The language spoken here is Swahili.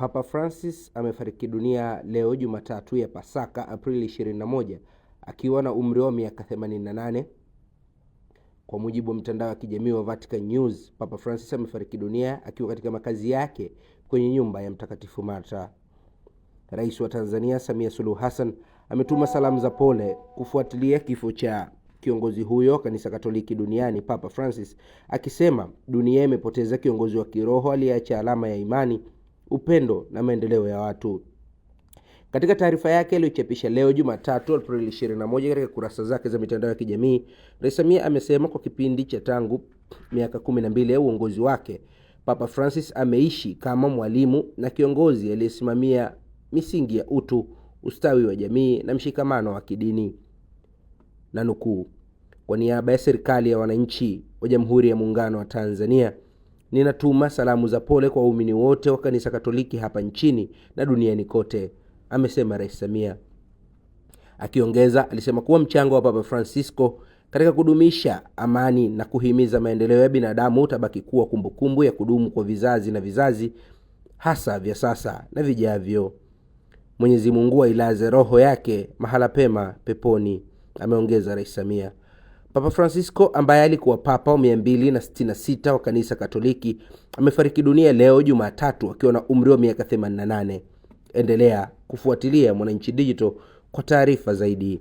Papa Francis amefariki dunia leo Jumatatu ya Pasaka Aprili 21 akiwa na umri wa miaka 88. Kwa mujibu wa mtandao wa kijamii wa Vatican News, Papa Francis amefariki dunia akiwa katika makazi yake kwenye nyumba ya Mtakatifu Marta. Rais wa Tanzania Samia Suluhu Hassan ametuma salamu za pole kufuatilia kifo cha kiongozi huyo kanisa Katoliki duniani Papa Francis, akisema dunia imepoteza kiongozi wa kiroho aliyeacha alama ya imani upendo na maendeleo ya watu. Katika taarifa yake aliyochapisha leo Jumatatu Aprili 21 katika kurasa zake za mitandao ya kijamii, Rais Samia amesema kwa kipindi cha tangu miaka 12 ya uongozi wake, Papa Francis ameishi kama mwalimu na kiongozi aliyesimamia misingi ya utu, ustawi wa jamii na mshikamano wa kidini. Na nukuu, kwa niaba ya serikali ya wananchi wa Jamhuri ya Muungano wa Tanzania Ninatuma salamu za pole kwa waumini wote wa kanisa Katoliki hapa nchini na duniani kote, amesema Rais Samia. Akiongeza, alisema kuwa mchango wa Papa Francisco katika kudumisha amani na kuhimiza maendeleo ya binadamu utabaki kuwa kumbukumbu ya kudumu kwa vizazi na vizazi, hasa vya sasa na vijavyo. Mwenyezi Mungu ailaze roho yake mahala pema peponi, ameongeza Rais Samia. Papa Francisco ambaye alikuwa papa wa 266 wa kanisa Katoliki amefariki dunia leo Jumatatu akiwa na umri wa miaka 88. Endelea kufuatilia Mwananchi Digital kwa taarifa zaidi.